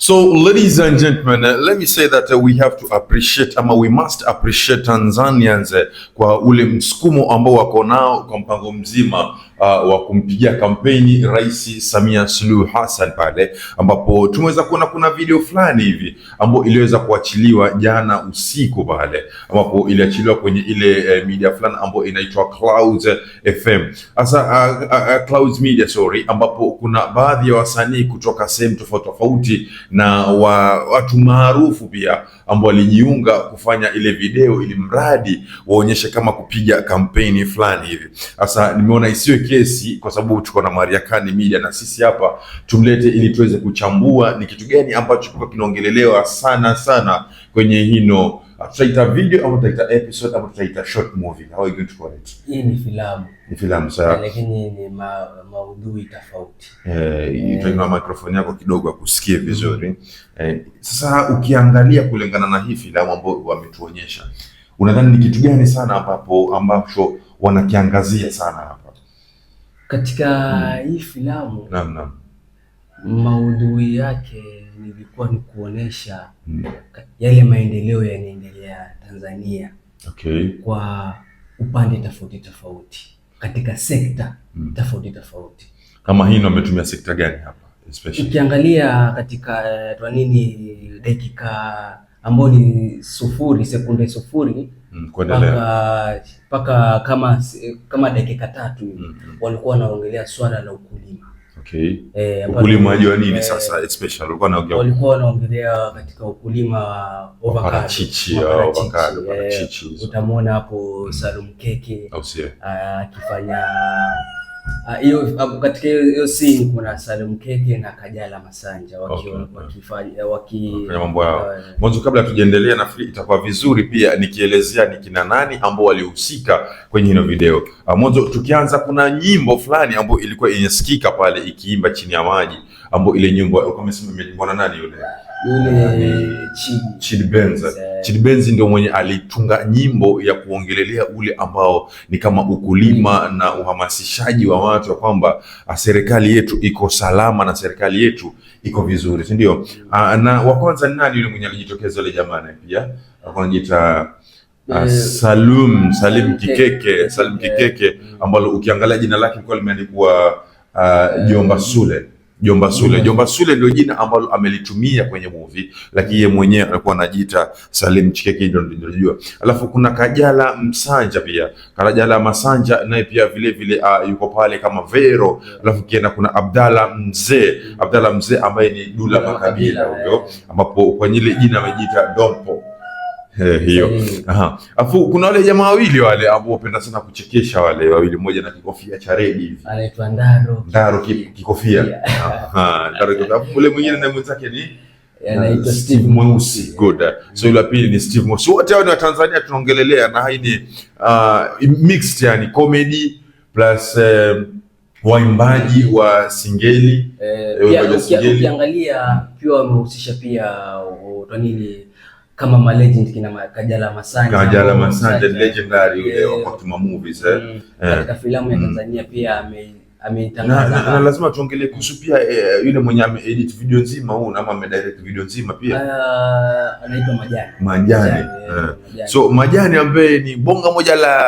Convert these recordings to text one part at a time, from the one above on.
So ladies and gentlemen, uh, let me say that uh, we have to appreciate ama we must appreciate Tanzanians uh, kwa ule msukumo ambao wako nao kwa mpango mzima uh, wa kumpigia kampeni Rais Samia Suluhu Hassan pale ambapo tumeweza kuona kuna video fulani hivi ambayo iliweza kuachiliwa jana usiku pale ambapo iliachiliwa kwenye ile uh, media fulani ambayo inaitwa Clouds eh, FM hasa uh, ah, uh, ah, uh, ah, Clouds Media sorry, ambapo kuna baadhi ya wasanii kutoka sehemu tofauti tofauti na wa, watu maarufu pia ambao walijiunga kufanya ile video ili mradi waonyeshe kama kupiga kampeni fulani hivi. Sasa nimeona isiwe kesi, kwa sababu tuko na Mariakani Media na sisi hapa tumlete ili tuweze kuchambua ni kitu gani ambacho kilikuwa kinaongelelewa sana sana kwenye hino, tutaita video au tutaita episode au tutaita short movie, how are you going to call it? Hii ni filamu, ni filamu sasa. lakini ni ma, maudhui tofauti eh, yeah, yeah, microphone yako kidogo akusikie vizuri eh. Sasa ukiangalia kulingana na hii filamu ambayo wametuonyesha unadhani ni kitu gani sana ambapo ambacho wanakiangazia sana hapa? Katika hmm, hii filamu naam, naam, maudhui yake nilikuwa ni kuonesha hmm, yale maendeleo yanaendelea Tanzania okay, kwa upande tofauti tofauti katika sekta hmm, tofauti tofauti. Kama hii ndio ametumia sekta gani hapa especially? Ukiangalia katika eh, twanini dakika ambao ni sufuri sekunde sufuri mpaka mm, kama kama dakika tatu mm -hmm. walikuwa wanaongelea swala la ukulima okay. E, nini eh, sasa especially walikuwa wanaongelea katika ukulima wa parachichi au eh, utamwona hapo mm. Salum Keke ah, akifanya Uh, katika hiyo scene kuna Salim Keke na Kajala Masanja wakiwa eh, wakifanya mambo yao. Eh, mwanzo kabla tujaendelea, nafikiri itakuwa vizuri pia nikielezea ni kina nani ambao walihusika kwenye hiyo video. Uh, mwanzo tukianza, kuna nyimbo fulani ambayo ilikuwa inasikika pale ikiimba chini ya maji, ambayo ile nyimbo umesema imeimbwa nani yule? yule Chidbenza ndio mwenye alitunga nyimbo ya kuongelelea ule ambao ni kama ukulima mm. na uhamasishaji wa watu kwamba ah, serikali yetu iko salama na serikali yetu iko vizuri, si ndio? Ah, na wa kwanza ni nani yule mwenye alijitokeza yule jamani, pia anajiita ah, eh, Salum Salim Kikeke Salim eh. Kikeke, ambalo ukiangalia jina lake lilikuwa limeandikwa eh. Jomba Sule Jomba Sule. Jomba Sule ndio jina ambalo amelitumia kwenye movie, lakini yeye mwenyewe alikuwa anajiita Salim Chikeki, ndio ninajua. Alafu kuna Kajala Msanja pia, Kajala Masanja naye pia vile vile uh, yuko pale kama Vero. Alafu kienda kuna Abdalla Mzee, Abdalla Mzee ambaye ni Dula Makabila huyo, eh. ambapo kwa nyile jina amejiita Dompo Eh, hiyo aha. Afu kuna wale jamaa wawili wale ambao wapenda sana kuchekesha wale wawili, mmoja na kikofia cha redi hivi anaitwa Ndaro Ndaro, kikofia aha, Ndaro kikofia. Afu yule mwingine na mwenzake ni eh, anaitwa eh, Steve Mweusi good. So yule pili ni Steve Mweusi. Wote hao ni wa Tanzania tunaongelelea, na hii ni uh, mixed yani comedy plus uh, waimbaji wa singeli eh, ukiangalia pia wamehusisha pia uh, nini kama ma legend kina ma Kajala Masanja, Kajala Masanja legendary yule wa eh, Fatuma Movies eh? Mm. eh, katika filamu ya mm. Tanzania pia ame na, na, na lazima tuongele kuhusu pia eh, eh yule mwenye ameedit video nzima huu na ame direct video nzima pia uh, anaitwa Majani Majani, Majani, yeah. Majani, so Majani ambaye ni bonga moja la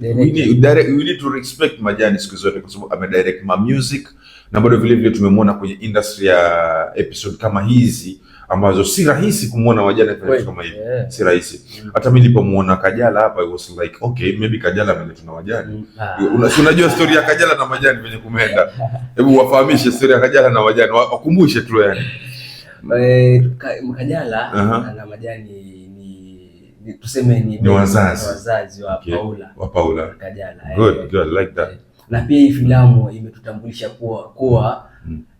uh, we need, direct, we need to respect Majani siku zote kwa sababu ame direct ma music na bado vile vile tumemwona kwenye industry ya episode kama hizi ambazo si rahisi kumwona Wajala kama hivi, si rahisi. Mm. Hata mimi nilipomuona Kajala hapa it was like okay, maybe Kajala ameletwa na Wajani. Mm. Ah. Unajua story ya Kajala na majani venye kumeenda, hebu wafahamishe story ya Kajala na Wajani, wakumbushe tu yani. Eh, Kajala na Majani tuseme ni, ni wazazi, wazazi wa okay. Paula, wa Paula Kajala. Good, eh. good, like that. Na pia hii filamu imetutambulisha kuwa kuwa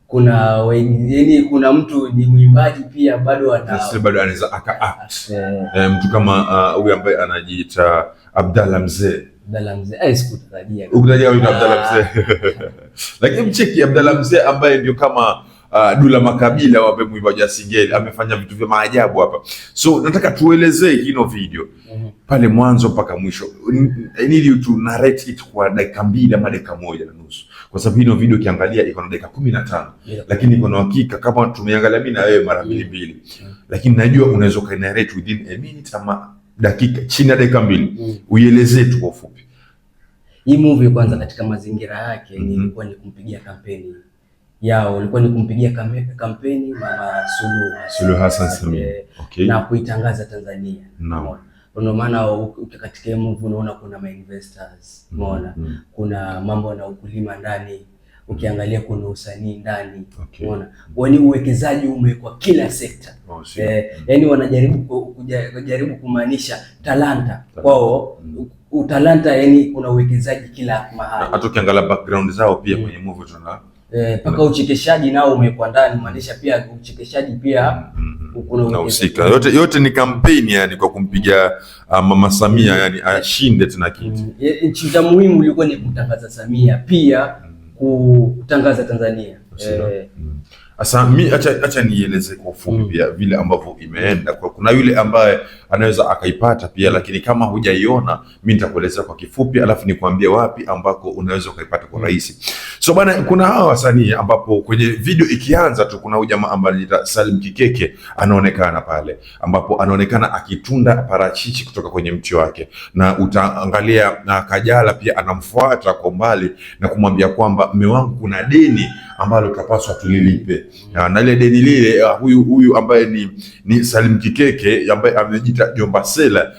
kuna yaani, kuna mtu ni mwimbaji pia bado ana bado anaweza aka act yeah. E, mtu kama uh, huyu uh, ambaye anajiita Abdalla Mzee Abdalla Mzee eh, sikutarajia ukutarajia huyu Abdalla ah. Mzee lakini mcheki Abdalla Mzee ambaye ndio kama uh, Dula Makabila wape mwimbaji asingeli amefanya vitu vya maajabu hapa, so nataka tuelezee hino video mm -hmm. pale mwanzo mpaka mwisho, I need you narrate it kwa dakika mbili ama dakika moja na nusu kwa sababu hino video ukiangalia iko na dakika kumi na tano yeah. Lakini iko na hakika kama tumeangalia mimi na wewe mara mbili mm. mbili yeah. Lakini najua unaweza ukainarrate within a minute ama dakika chini ya dakika mbili mm. Uielezee tu kwa ufupi hii movie kwanza, katika mazingira yake mm -hmm. nilikuwa ni kumpigia kampeni yao, ilikuwa ni kumpigia kampeni Mama Suluhu Suluhu Hassan Samia, okay. Na kuitangaza Tanzania naona ndio maana ukikatika move unaona kuna ma-investors, umeona mm -hmm. kuna mambo na ukulima ndani ukiangalia kuna usanii ndani okay. Unaona, wani uwekezaji umewekwa kila sekta oh, eh, mm. Yani wanajaribu kujaribu kumaanisha talanta kwao mm. Utalanta yani kuna uwekezaji kila mahali, hata ukiangalia background zao pia mm. kwenye movie tunaona Eh, mpaka eh, uchekeshaji nao umekuwa ndani, maanisha pia uchekeshaji pia mm, mm, unahusika. Yote yote ni kampeni yani, kwa kumpiga uh, mama Samia mm. yani ashinde tena kiti. Nchi za muhimu ilikuwa ni kutangaza Samia, pia kutangaza Tanzania. Eh. Asa, mi acha acha nieleze kwa ufupi pia mm. vile ambavyo imeenda kwa, kuna yule ambaye anaweza akaipata pia, lakini kama hujaiona mi nitakuelezea kwa kifupi, alafu nikwambie wapi ambako unaweza ukaipata kwa rahisi. So bwana, kuna hawa wasanii ambapo kwenye video ikianza tu kuna jamaa ambaye anaitwa Salim Kikeke anaonekana pale, ambapo anaonekana akitunda parachichi kutoka kwenye mti wake, na utaangalia na Kajala pia anamfuata kwa mbali na kumwambia kwamba mme wangu, kuna deni ambalo tutapaswa tulilipe, na ile deni lile ah, huyu huyu ambaye ni, ni Salim Kikeke ambaye amejiita Jomba Sela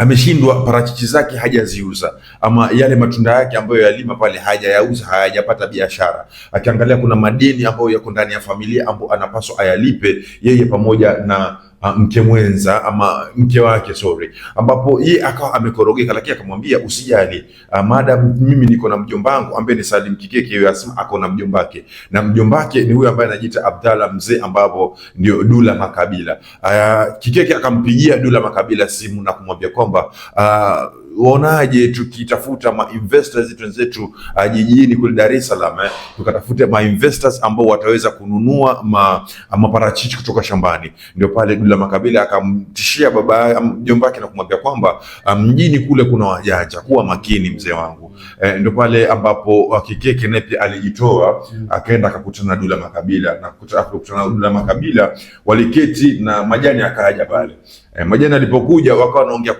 ameshindwa, parachichi zake hajaziuza, ama yale matunda yake ambayo yalima pale hajayauza, hayajapata biashara. Akiangalia kuna madeni ambayo yako ndani ya familia ambayo anapaswa ayalipe yeye pamoja na uh, mke mwenza ama mke wake sorry, ambapo yeye akawa amekorogeka, lakini akamwambia usijali, uh, madam mimi niko na mjombangu ambaye ni Salim Kikeke, yeye asema ako na mjombake, na mjombake ni huyo ambaye anajiita Abdalla Mzee, ambapo ndio Dula Makabila. Uh, Kikeke akampigia Dula Makabila simu na kumwambia kwamba uh, uonaje tukitafuta ma investors wenzetu uh, jijini kule Dar es Salaam eh, tukatafute ma investors ambao wataweza kununua ma, ah, maparachichi kutoka shambani. Ndio pale Dula Makabila akamtishia baba mjomba wake na kumwambia kwamba ah, mjini um, kule kuna wajanja, kuwa makini mzee wangu eh, ndio pale ambapo Kikeke naye alijitoa hmm. akaenda akakutana na Dula Makabila na kukutana na Dula Makabila waliketi na majani akaja pale E, majana alipokuja wakawa wanaongea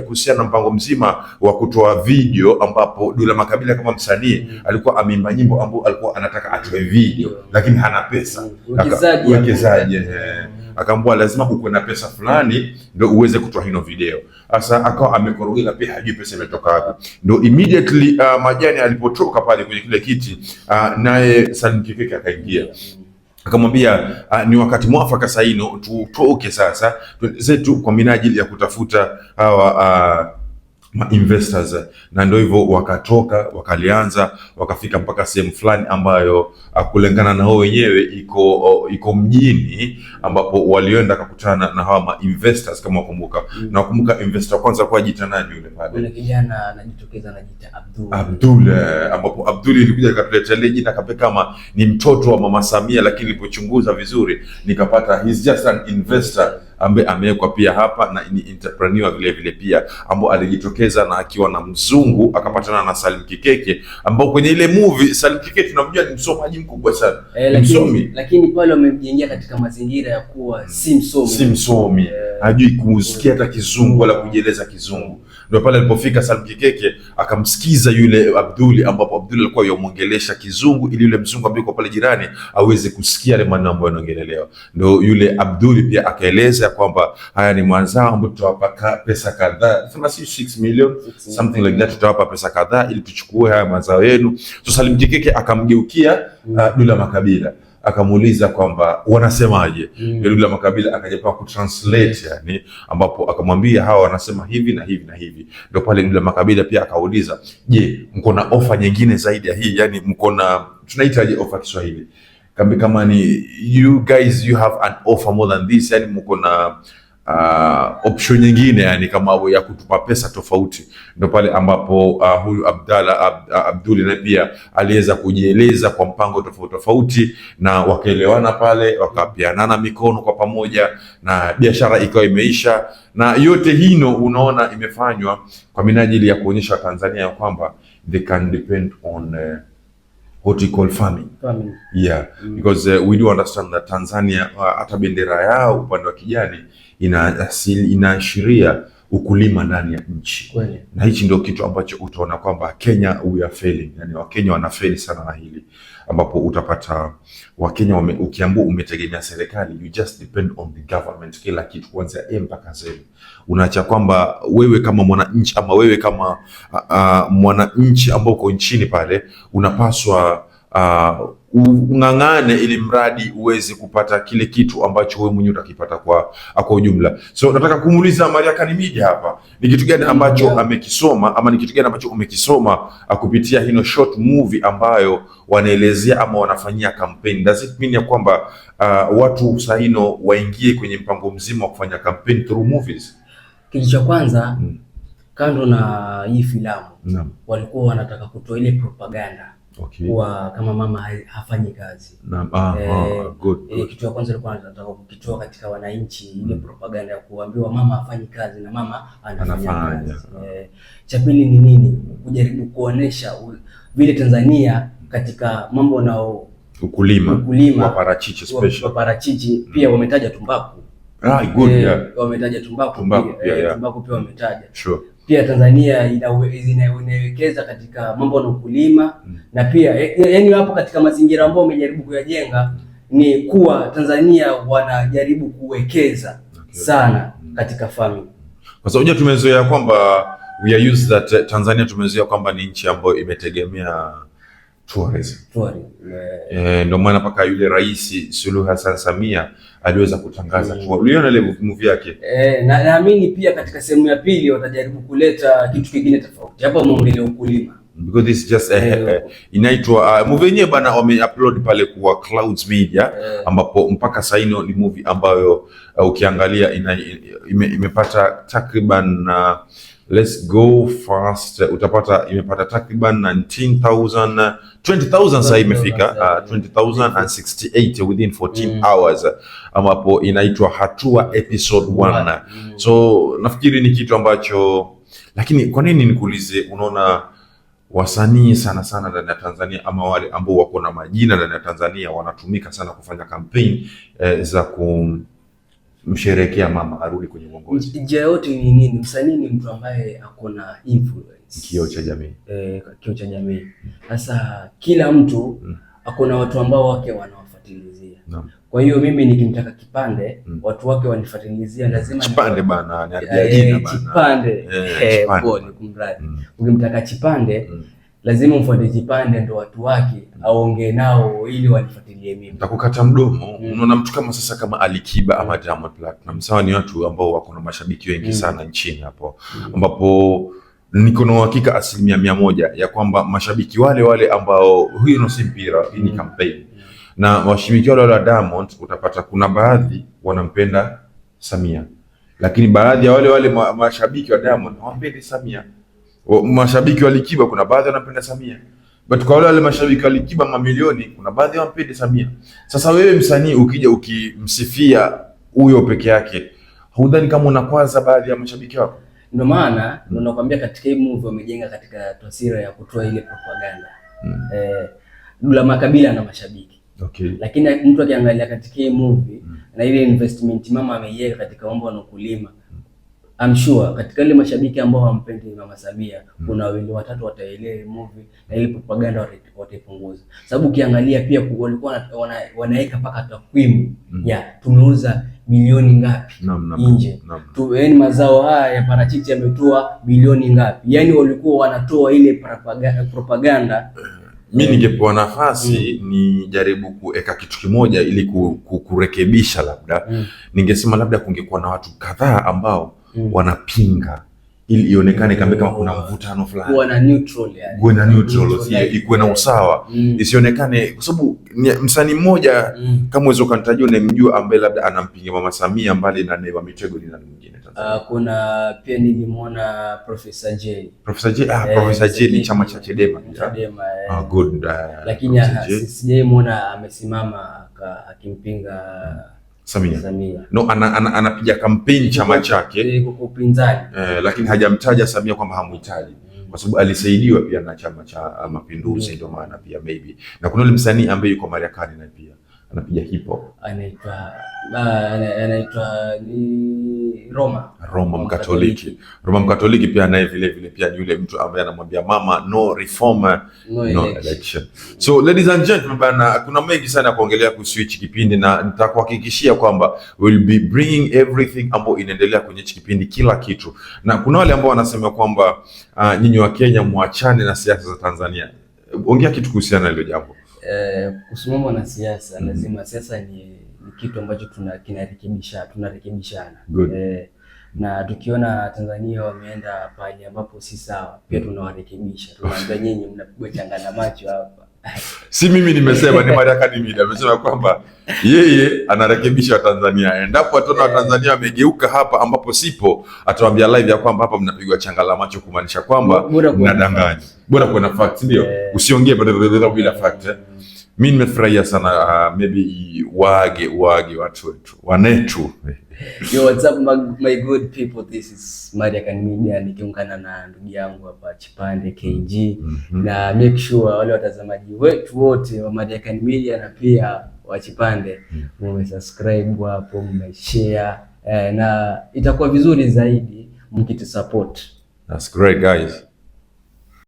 kuhusiana na mpango mzima wa kutoa video ambapo Dula Makabila kama msanii mm. alikuwa ameimba nyimbo ambapo alikuwa anataka atoe video mm. lakini hana pesa mwekezaji mm. akaambua eh. mm. lazima uko na pesa fulani ndio uweze kutoa hino video. Sasa akawa amekorogela pia, hajui pesa imetoka wapi. Ndio immediately uh, Majani alipotoka pale kwenye kile kiti uh, naye Salim Kikeke akaingia akamwambia uh, ni wakati mwafaka saino tutoke sasa zetu kwa minajili ya kutafuta hawa uh, ma investors na ndio hivyo wakatoka wakalianza wakafika mpaka sehemu fulani ambayo ah, kulingana na wao wenyewe iko oh, iko mjini ambapo walioenda kakutana na hawa ma investors kama wakumbuka mm. na wakumbuka investor kwanza kwa jita nani yule pale yule kijana anajitokeza na jita Abdul Abdul mm. ambapo Abdul ilikuja akatuletea ile jina kape kama ni mtoto wa mama Samia, lakini nilipochunguza vizuri nikapata he's just an investor mm ambaye amewekwa pia hapa na ni entrepreneur vile vile pia ambao alijitokeza na akiwa na mzungu akapatana na Salim Kikeke, ambao kwenye ile movie Salim Kikeke tunamjua ni msomaji mkubwa sana e, lakini, msomi lakini pale wamemjengea katika mazingira ya kuwa si msomi, si msomi eh. hajui kusikia hata kizungu wala kujieleza kizungu ndio pale alipofika kikeke akamsikiza yule Abduli, ambapo Abduli alikuwa yamwongelesha Kizungu ili yule mzungu ambaye yuko pale jirani aweze kusikia yale maneno ambayo yanaongelelewa. Ndio yule Abduli pia akaeleza kwamba haya ni mwanzao ambao tutawapa pesa kadhaa, 36 million something like that, tutawapa pesa kadhaa ili tuchukue haya mazao yenu. So kikeke akamgeukia uh, Dula Makabila akamuuliza kwamba wanasemaje. mm. Yule Makabila akajapa kutranslate yani, ambapo akamwambia hawa wanasema hivi na hivi na hivi. Ndio pale yule Makabila pia akauliza, je, mko na ofa nyingine zaidi ya hii? Yani mko na tunaitaje ofa Kiswahili kambi kama ni you guys you have an offer more than this, yani mko na uh, option nyingine yani kama ya kutupa pesa tofauti. Ndo pale ambapo uh, huyu Abdalla Ab, uh, Abduli na pia aliweza kujieleza kwa mpango tofauti tofauti, na wakaelewana pale, wakapianana mikono kwa pamoja, na biashara ikawa imeisha, na yote hino unaona imefanywa kwa minajili ya kuonyesha Tanzania ya kwamba they can depend on uh, what we call farming. Farming. Yeah, mm. because uh, we do understand that Tanzania uh, hata uh, bendera yao upande wa kijani inaashiria ukulima ndani ya nchi Kwele. Na hichi ndio kitu ambacho utaona kwamba Kenya we are failing, yani Wakenya wanafeli sana na hili ambapo utapata Wakenya wame, ukiambua umetegemea serikali you just depend on the government, kila kitu kuanzia A mpaka Z, unaacha kwamba wewe kama mwananchi ama wewe kama uh, mwananchi ambao uko nchini pale unapaswa uh, ung'ang'ane ili mradi uweze kupata kile kitu ambacho wewe mwenyewe utakipata kwa ah, kwa ujumla. So nataka kumuuliza Maria Kanimidi hapa, ni kitu gani ambacho yeah, amekisoma ama ni kitu gani ambacho umekisoma ah, kupitia hino short movie ambayo wanaelezea ama wanafanyia kampeni? Does it mean ya kwamba uh, watu sahino waingie kwenye mpango mzima wa kufanya kampeni through movies? Kitu cha kwanza mm, kando na hii filamu mm, walikuwa wanataka kutoa ile propaganda okay. kuwa kama mama hafanyi kazi na, ah, ah eh, ah, good, good. Eh, Kitu ya kwanza ilikuwa anataka kukitoa katika wananchi mm. ile propaganda ya kuambiwa mama hafanyi kazi na mama anafanya, anafanya kazi eh, cha pili ni nini? Kujaribu kuonesha vile Tanzania katika mambo na ukulima, ukulima wa parachichi special wa parachichi mm. pia mm. wametaja tumbaku right, ah, good, eh, yeah. wametaja tumbaku tumbaku pia, yeah, eh, yeah. tumbaku pia wametaja sure pia Tanzania inawekeza katika mambo na ukulima mm. na pia yaani hapo katika mazingira ambayo wamejaribu kuyajenga ni kuwa Tanzania wanajaribu kuwekeza sana mm. katika farming, kwa sababu tumezoea kwamba we are used that Tanzania tumezoea kwamba ni nchi ambayo imetegemea tourism. Tourism. Eh, ndio maana mpaka yule Rais Suluhu Hassan Samia aliweza kutangaza mm. Uliona ile movie yake eh, na naamini pia katika sehemu ya pili watajaribu kuleta kitu kingine tofauti hapo, muongelee ukulima because this is just a, eh, eh, eh, eh, inaitwa uh, movie yenyewe bana upload pale kwa Clouds Media eh, ambapo mpaka saino ni movie ambayo uh, ukiangalia ina, ime, imepata takriban uh, Let's go fast utapata imepata takriban 19,000 20,000 sasa imefika uh, 20,068 within 14 mm. hours ambapo inaitwa hatua episode 1 mm. so nafikiri ni kitu ambacho lakini kwa nini nikuulize, unaona wasanii sana sana ndani ya Tanzania ama wale ambao wako na majina ndani ya Tanzania wanatumika sana kufanya kampeni eh, za ku msherekea mama arudi kwenye uongozi. Njia yote ni nini? Msanii ni mtu ambaye ako na influence, kioo cha jamii eh, kioo cha jamii. Sasa kila mtu mm. ako na watu ambao wake wanawafuatilizia no. Kwa hiyo mimi nikimtaka kipande mm. watu wake wanifuatilizia lazima kipande bana, ni eh, ajina bana, kipande eh, eh kwa ni kumradi mm. ukimtaka kipande mm lazima mfuate kipande ndo watu wake aongee nao ili wanifuatilie mimi. Takukata mdomo. Mm. Unaona mtu kama sasa kama Alikiba ama Diamond Platnumz sawa, ni watu ambao wako na mashabiki wengi mm. sana nchini hapo mm. ambapo niko na uhakika asilimia mia moja ya kwamba mashabiki wale wale ambao huyu no si mpira hii ni mm. kampeni mm. na washabiki wale wale wa Diamond utapata kuna baadhi wanampenda Samia, lakini baadhi ya wale wale mashabiki wa Diamond hawampendi Samia mashabiki wa Likiba kuna baadhi wanapenda Samia, but kwa wale wale mashabiki wa Likiba mamilioni, kuna baadhi wanapenda Samia. Sasa wewe msanii ukija ukimsifia huyo peke yake, hudhani kama unakwaza baadhi ya mashabiki wako? Ndio maana mm. nakwambia katika hii movie wamejenga katika taswira ya kutoa ile propaganda mm. eh, Dula Makabila na mashabiki Okay. Lakini mtu akiangalia katika hii movie mm. na ile investment mama ameiweka katika mambo na ukulima I'm sure katika ile mashabiki ambao hawampendi Mama Samia kuna mm. wawili watatu wataelewa movie na ile propaganda wataipunguza, sababu ukiangalia pia walikuwa wanaweka mpaka takwimu mm. ya tumeuza bilioni ngapi nje, yaani mazao haya ya parachichi yametoa bilioni ngapi, yaani walikuwa wanatoa ile propaganda, propaganda. Mi ningepewa nafasi mm. nijaribu kuweka kitu kimoja ili kurekebisha labda mm. ningesema labda kungekuwa na watu kadhaa ambao mm. wanapinga ili ionekane kama kama kuna mvutano fulani, kuwa na neutral yani, kuwa na neutral, ikuwe na usawa mm. isionekane kwa sababu msanii mmoja mm. kama uwezo ukanitajia unamjua ambaye labda anampinga Mama Samia mbali na Neva Mitego ni nani mwingine Uh, kuna pia nilimwona Professor J. Professor J, ah, Professor J ni chama cha Chadema. Chadema. Eh. Ah, good. Eh, Lakini ah, sijaimwona amesimama akimpinga Samia, Samia. No, ana, ana, ana kampeni chama chake eh, lakini hajamtaja Samia kwamba hamuhitaji mm. kwa sababu alisaidiwa pia na Chama cha ah, Mapinduzi, mm. ndio maana pia maybe na kuna yule msanii ambaye yuko Marekani na pia anapiga hip hop anaitwa ah, anaitwa ni Roma Roma Mkatoliki. Roma Mkatoliki pia naye vile vile pia ni yule mtu ambaye anamwambia mama no reform eh, no, no election. So ladies and gentlemen bana, kuna mengi sana ya kuongelea kuhusu hichi kipindi na nitakuhakikishia kwamba we'll be bringing everything ambayo inaendelea kwenye hichi kipindi, kila kitu, na kuna wale ambao wanasema kwamba uh, nyinyi wa Kenya muachane na siasa za Tanzania. Ongea kitu kuhusiana na hilo jambo. Eh, kusimama na siasa mm -hmm. Lazima siasa ni, ni kitu ambacho tuna kinarekebisha tunarekebishana eh, na tukiona Tanzania wameenda pale ambapo si sawa, pia mm-hmm. tunawarekebisha, tunaambia nyinyi mnapigwa changana macho hapa si mimi nimesema, ni Maria Mida amesema kwamba yeye anarekebisha Watanzania. Endapo ataona Watanzania wamegeuka hapa ambapo sipo, atawaambia live ya kwamba hapa mnapigwa changala macho, kumaanisha kwamba mnadanganya bora kuwe na fact, ndio yeah. Usiongee bila fact. Mimi eh? nimefurahia sana uh, maybe wage wage watu wetu wanetu. Yo, what's up my, my good people, this is Mariacan Media nikiungana na ndugu yangu hapa Chipande KG mm -hmm. na make sure wale watazamaji wetu wote wa Mariacan Media na pia wa Chipande mmesubscribe mm -hmm. hapo mmeshare eh, na itakuwa vizuri zaidi mkitusupport. That's great guys. Yeah.